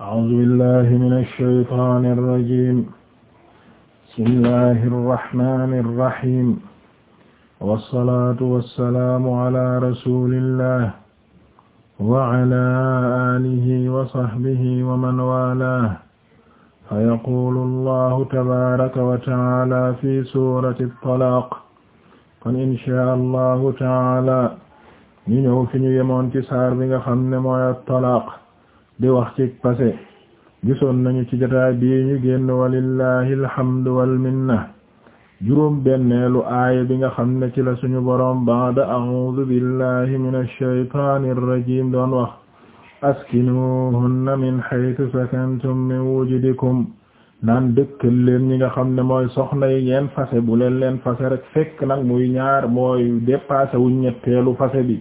أعوذ بالله من الشيطان الرجيم بسم الله الرحمن الرحيم والصلاة والسلام على رسول الله وعلى آله وصحبه ومن والاه فيقول الله تبارك وتعالى في سورة الطلاق kon inshaa Allahu taala ñu ñëw fi ñu yemoon ci saar bi nga xam ne mooy at-talaaq di wax ci passé gisoon nañu ci jotaay bii ñu génn walillahi alhamdu wal minna juróom benneelu aaya bi nga xam ne ci la suñu borom baada a'uudu billahi minash shaytaanir rajiim doon wax askinuhunna min haythu sakantum min wujudikum naan dëkkal leen ñi nga xam ne mooy soxna yi ngeen fase bu leen leen fase rek fekk nag muy ñaar mooy dépassé wuñ ñetteelu fase bi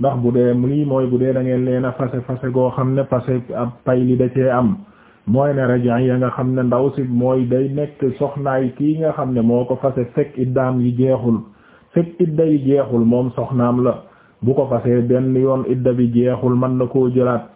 ndax bu dee lii mooy bu dee da ngeen leen a fase fase goo xam ne fase ab pay li da cee am mooy ne rajan ya nga xam ne ndaw si mooy day nekk soxnaay kii nga xam ne moo ko fase fekk iddaam yi jeexul fekk idda yi jeexul moom soxnaam la bu ko fasee benn yoon idda bi jeexul man na koo jëlaat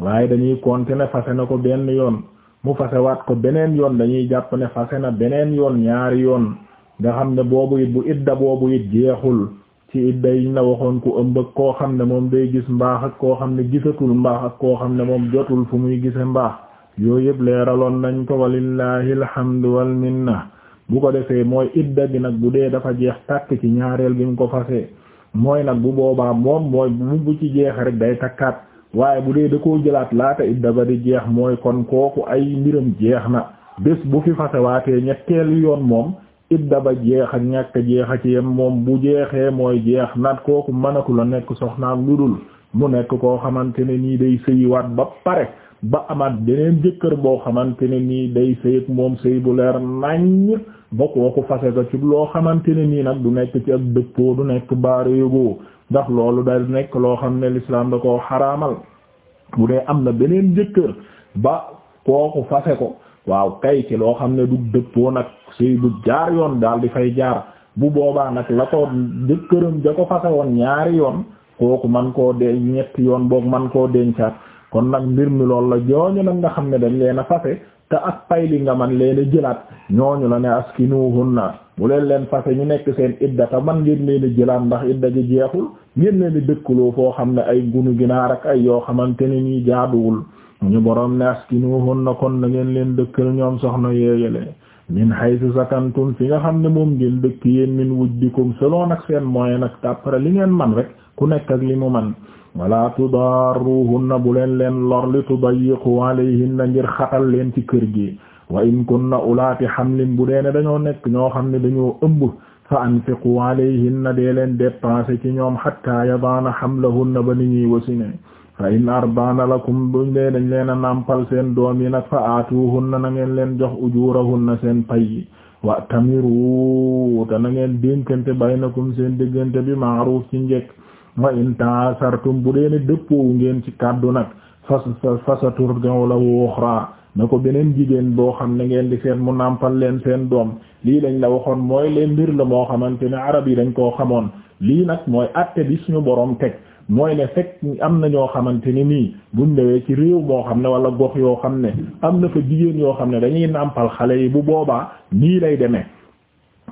waaye dañuy continuer fase na ko benn yoon mu fasewaat ko beneen yoon dañuy jàpp ne fase na beneen yoon ñaari yoon nga xam ne boobu it bu idda boobu it jeexul ci it idda yiñ la waxoon ku ëmb ak koo xam ne moom day gis mbaax ak koo xam ne gisatul mbaax ak koo xam ne moom jotul fu muy gise mbaax yooyu yëpp leeraloon nañ ko walillahi alhamdu wal minna bu ko defee mooy idda bi nag bu dee dafa jeex tàkk ci ñaareel bi mu ko fasee mooy nag bu boobaa moom mooy bu bu ci jeex rek day takkaat waaye bu dee da koo jëlaat laata idda ba di jeex mooy kon kooku ay mbiram jeex na bés bu fi fase waatee ñetteelu yoon moom idda jeex ak ñàkk jeex a ci yem moom bu jeexee mooy jeex nat kooku mënatu la nekk soxnaam lu dul mu nekk koo xamante ne nii day sëyiwaat ba pare ba amaat beneen jëkkër boo xamante ne nii day sëyëg moom sëy bu leer naññ ba kooku fase ko ci loo xamante ne nii nag du nekk ci ak dëppoo du nekk baareegoo ndax loolu day nekk loo xam ne l'islam da koo xaraamal bu dee am na beneen jëkkër ba kooku fase ko waaw kay ci loo xam ne du dëppoo nag sëy du jaar yoon daal di fay jaar bu boobaa nag la ko jëkkëram ja ko fase woon ñaari yoon kooku man koo de ñetti yoon boog man koo dencaat kon nag mbir mi loolu la ñooñu nag nga xam ne dañ leen a fase te ak pay li nga man leen a jëlaat ñooñu la ne naa bu leen leen fase ñu nekk seen idda te man ngeen leen a jëlaat ndax idda ji jeexul ngeen leen a dëkkaloo foo xam ne ay gunu ginaar ak ay yoo xamante ne nii jaaduwul ñu boroom ne askinuhunna kon na ngeen leen dëkkal ñoom soxna yéeyale min haythu sakantum fi nga xam ne moom ngeen dëkk yéen min wujdikum selon ak seen moyen nag après li ngeen man rek ku nekk ak li mu man wala tudarruhunna bu leen leen lor li tudayyiqu alayhinna ngir xatal leen ci kër gi wa in kunna ulaati hamlin bu deene dañoo nekk ñoo xam ne dañoo ëmb fa anfiqu alayhinna dee leen dépenser ci ñoom hatta yadaana hamlahunna ba ni ñuy wasine fa in arba'na lakum buñ dee dañ leen a nàmpal seen doom yi nag fa aatuhunna na nangeen leen jox na seen pay wa tamiru te na ngeen dénkante baynakum seen déggante bi ma'ruf ci njekk wa in ta'asartum bu dee ne dëppoowu ngeen ci kàddu nag fas fasaturdu lahu ukhra na ko beneen jigéen boo xam ne ngeen di seet mu nàmpal leen seen doom lii lañ la waxoon mooy leen mbir la moo xamante ne arab yi dañ koo xamoon lii nag mooy àtte bi suñu boroom te mooy ne fekk am na ñoo xamante ni nii buñ newee ci réew moo xam ne wala gox yoo xam ne am na fa jigéen yoo xam ne dañuy nàmpal xale yi bu boobaa nii lay demee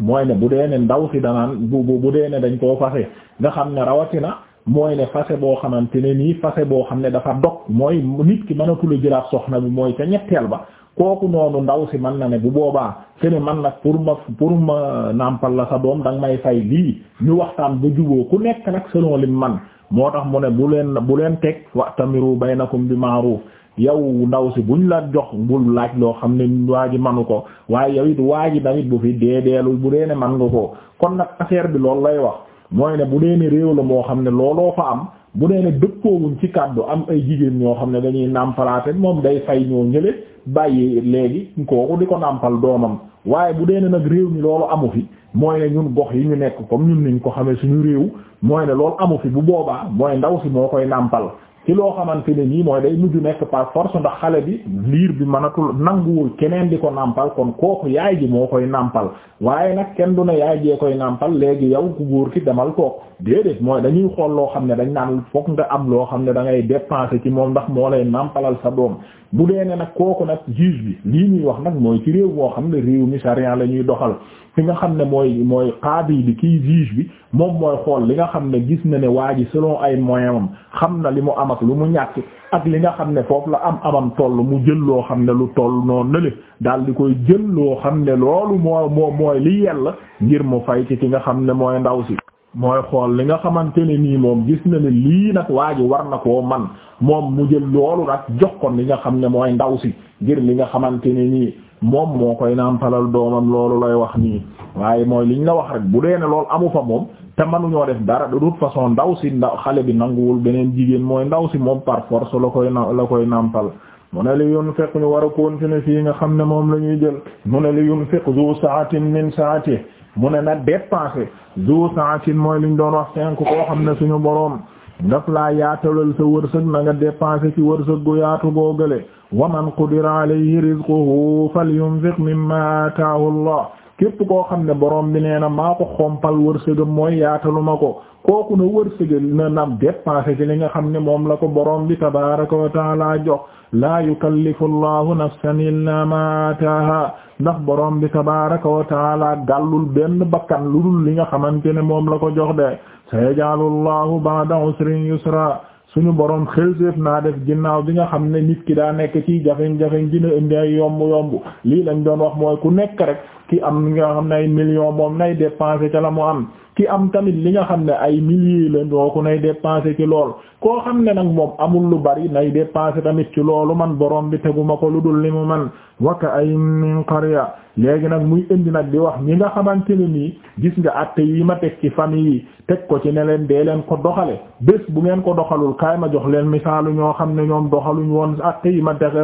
mooy ne bu dee ne ndaw si danaan bu bu dee ne dañ koo fase nga xam ne rawatina mooy ne fase boo xamante ne nii fase boo xam ne dafa dog mooy nit ki mënatul a jëlaat soxna bi mooy ca ñetteel ba kooku noonu ndaw si man na ne bu boobaa ke man nag pour ma pour ma nàmpal la sa doom danga may fay lii ñu waxtaan bu juboo ku nekk nag selon lim man moo tax mu ne bu leen bu leen teg wa'tamiru baynakum bi ma'ruf yow ndaw si buñ la jox bul laaj loo xam ne waa ji manu ko waaye yow it waa ji tamit bu fi deedeelul bu dee ne man nga ko kon nag affaire bi loolu lay wax mooy ne bu dee ne réew la moo xam ne looloo fa am bu dee ne dëppoowuñ ci kàddu am ay jigéen ñoo xam ne dañuy nàmpalaate moom day fay ñoo ñële bàyyi léegi ko di ko nàmpal doomam waaye bu dee ne nag réew mi loolu amu fi mooy ne ñun gox yi ñu nekk comme ñun niñ ko xamee suñu réew mooy ne loolu amu fi bu boobaa mooy ndaw si moo koy nàmpal ci loo xamante ne nii mooy day mujj nekk par force ndax xale bi liir bi mënatul nanguwul keneen di ko nàmpal kon kooku yaay ji moo koy nàmpal waaye nag kenn du ne yaay jee koy nàmpal léegi yow ku góor ki demal kooku déedéet mooy dañuy xool loo xam ne dañ naan fokk nga am loo xam ne da ngay dépenser ci moom ndax moo lay nàmpalal sa doom bu dee ne nag kooku nag juge bi lii ñuy wax nag mooy ci réew moo xam ne réew mi sharia la ñuy doxal fi nga xam ne mooy mooy qaadi bi kii juge bi moom mooy xool li nga xam ne gis na ne waa ji selon ay moyen am xam na li mu am ak lu mu ñàkk ak li nga xam ne foofu la am amam toll mu jël loo xam ne lu toll noonu nële daal di koy jël loo xam ne loolu moo moo mooy li yella ngir mu fay ci ki nga xam ne mooy ndaw si mooy xool li nga xamante ne nii moom gis na ne lii nag waa ji war na koo man moom mu jël loolu nag jox ko li nga xam ne mooy ndaw si ngir li nga xamante ne nii moom moo koy nàmpalal doomam loolu lay wax nii waaye mooy liñ la wax rek bu dee ne loolu amu fa moom te mënuñoo def dara de toute façon ndaw si ndaw xale bi nanguwul beneen jigéen mooy ndaw si moom par force la koy na la koy nàmpal mu ne li yunfiq ñu war a continuer fii nga xam ne moom la ñuy jël mu ne li yunfiq zu sa'atin min sa'ati mu ne na dépenser zu sa'atin mooy liñ doon wax cinq koo xam ne suñu boroom daf laa yaatalal sa wërsëg na nga dépenser ci wërsëg gu yaatu googale wa man qudira alayhi rizquhu falyunfiq mimma ataahu Allah képp koo xam ne boroom bi nee na maa ko xompal wërsëgam mooy yaataluma ko kooku na li nga xam ne moom la ko borom bi tabaraka wa taala jox laa yukallifu allahu nafsan ma ataaha ndax bi tabaraka wa taala benn bakkan li nga xamante ne moom la ko jox de sayaj'alu allahu ba'da usrin yusra def ginnaaw bi nga xam ne nit ki daa nekk ci jafeñ-jafeñ dina indi ay yomb yomb lii lañ doon wax mooy ku nekk rek ki am li nga xam ne ay million moom nay dépensé ca la mu am ki am tamit li nga xam ne ay milliers la dooku nay dépensé ci lool koo xam ne nag moom amul lu bari nay dépensé tamit ci loolu man borom bi teguma ko lu dul li mu man waka ay min qarya léegi nag muy indi nag bi wax ñi nga xamante ne nii gis nga atte yi ma teg ci famille yi teg ko ci ne leen dee leen ko doxale bés bu ngeen ko doxalul kaay ma jox leen misaalu ñoo xam ne ñoom doxaluñ woon atte yi ma texe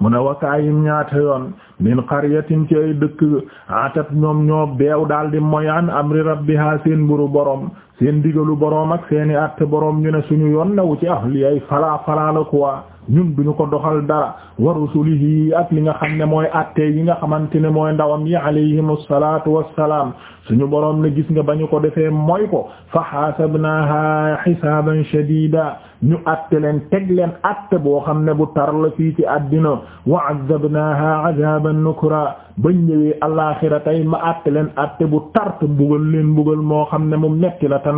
mu ne wakaayim ñaata yoon min qaryatin ci ay dëkk atat ñoom ñoo beew daal di moy an amri rabbiha seen mburu boroom seen digalu boroom ak seeni àtte boroom ñu ne suñu yoon newu ci ahli ay falaa falaa la quoi ñun ko doxal dara wa rusulihi ak li nga xam ne mooy àtte yi nga xamante ne mooy ndawam yi alayhimu salaatu wassalaam suñu boroom ne gis nga bañu ko defee moy ko fa hasabnaaha hisaaban shadiida ñu atte leen teg leen atte boo xam ne bu tar la fii ci àddina wa azabnaaha azaban nukra ba ñëwee alaaxira tey ma atte leen atte bu tar te mbugal leen mbugal moo xam ne mu metti la te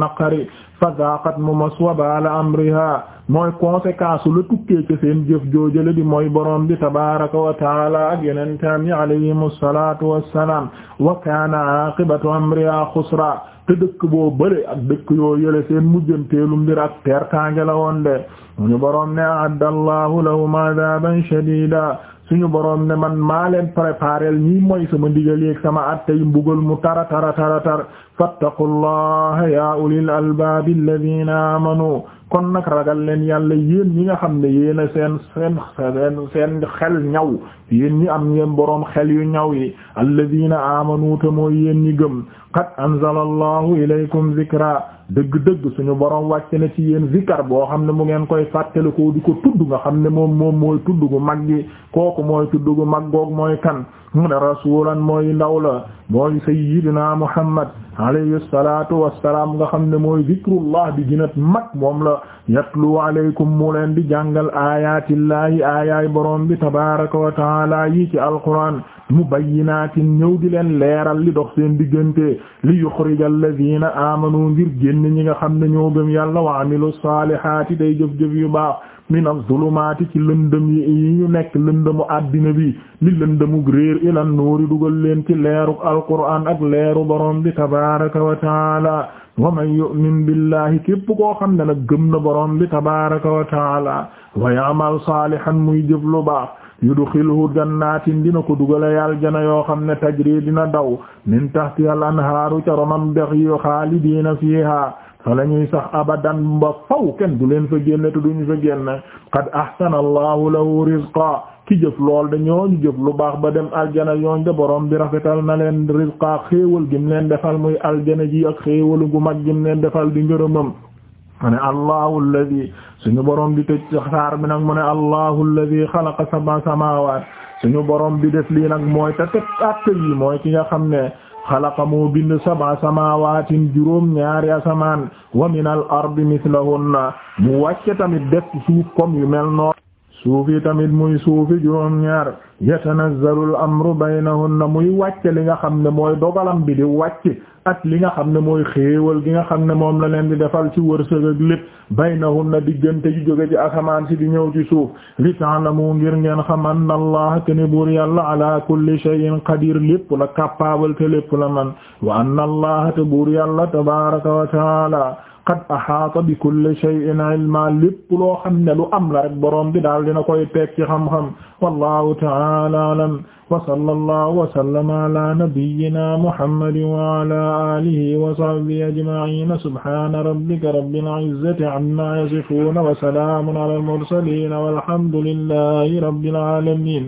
fa zaqat mu mos wabaala amriha mooy conséquence la tukkee ci seen jëf joojale di mooy borom bi tabaraka wa taala ak yenentaan yi alayhim asalatu wassalaam wa kaana aqibatu amriha xusra te dëkk boo bële ak dëkk yoo yële seen mujjanteelu mbir ak pertange la woon de suñu boroom a addallahu lahum adaban shadida suñu boroom ne man maa leen préparel ñi mooy sama ndigal ak sama atte yi mbugal mu tara tara tara tar fattaqullaha ya ulil albaabi alladina amanu kon nag ragal leen yàlla yéen ñi nga xam ne yéen a seen seen seen seen xel ñaw yéen ñi am ngeen boroom xel yu ñaw yi alladina amanu te mooy yéen ñi gëm qad anzala allahu ilaykum zikra dëgg-dëgg suñu boroom wàcc ci yéen zikar boo xam ne mu ngeen koy fàttali ko di ko tudd nga xam ne moom moom mooy tudd gu mag kooku mooy tudd gu mag mooy kan mu ne rasulan mooy ndaw mooy sayyidina muhammad alayhi salaatu wassalaam nga xam ne mooy zikrullah bi gënat mag moom la yatlu alaykum mu leen di jàngal aayatillahi aayaay borom bi tabaraka wa taala yi ci alquran mubayyinaatin ñëw di leen leeral li dox seen diggante li yuxrija alladina amanu ngir génn ñi nga xam ne ñoo gëm yàlla wa amilu saalihaati day jëf-jëf yu baax minaz zulumaati ci lëndëm yi ñu nekk lëndëmu àddina bi li lëndëmug réer ila nuuri dugal leen ci leeru alquraan ak leeru borom bi tabaaraka wa taala wa man yu'min billahi képp koo xam ne nag gëm na borom bi tabaaraka wa taala wa ya'mal saalihan muy jëf lu baax yudxilhu jannatin dina ko dugala yaljana yo xam ne tajri dina daw min tahtiha al anhaaru ca ronam dex yi xaalidiina fiiha fa la ñuy sax abadan ba faw kenn du leen fa génne te duñu fa génne qad ahsana allahu lahu rizqa ki jëf lool dañoo ñooñu jëf lu baax ba dem aljana yooñ de borom bi rafetal na leen rizqa xéewal gim leen defal muy aljana ji ak xéewalu gu mag gim leen defal di ngërëmam mu ne allahu alladi suñu borom bi tëj saar bi nag mu ne allahu alladi xalaqa sab'a samaawaat suñu borom bi def lii nag mooy te teg àtte yi mooy ki nga xam ne xalaqa moo bind sab'a samawaatin juróom ñaari asamaan wa min al ardi mislahunna mu wàcce tamit def ci suuf comme yu mel noonu suufi tamit muy suufi juróom ñaar yatanazzalu al-amru baynahunna muy wàcc li nga xam ne mooy dogalam bi di wàcc ak li nga xam ne mooy xéewal gi nga xam ne moom la leen di defal ci wërsëg ak lépp baynahunna diggante yu jóge ci asamaan si di ñëw ci suuf li ta'lamu ngir ngeen xam anna allaha kene buur yàlla ala kulli shay'in qadir lépp la capable te lépp la man wa anna allaha te buur yàlla tabaraka wa taala qad ahaata bi kulli shay'in ilma lépp loo xam ne lu am la rek boroom bi daal dina koy teg ci xam-xam wallahu ta'ala a'lam wa sallallahu wa sallama ala nabiyyina muhammadin wa ala alihi wa sahbihi ajma'in subhana rabbika rabbil izzati amma yasifun wa salamun ala al mursalin walhamdulillahi rabbil alamin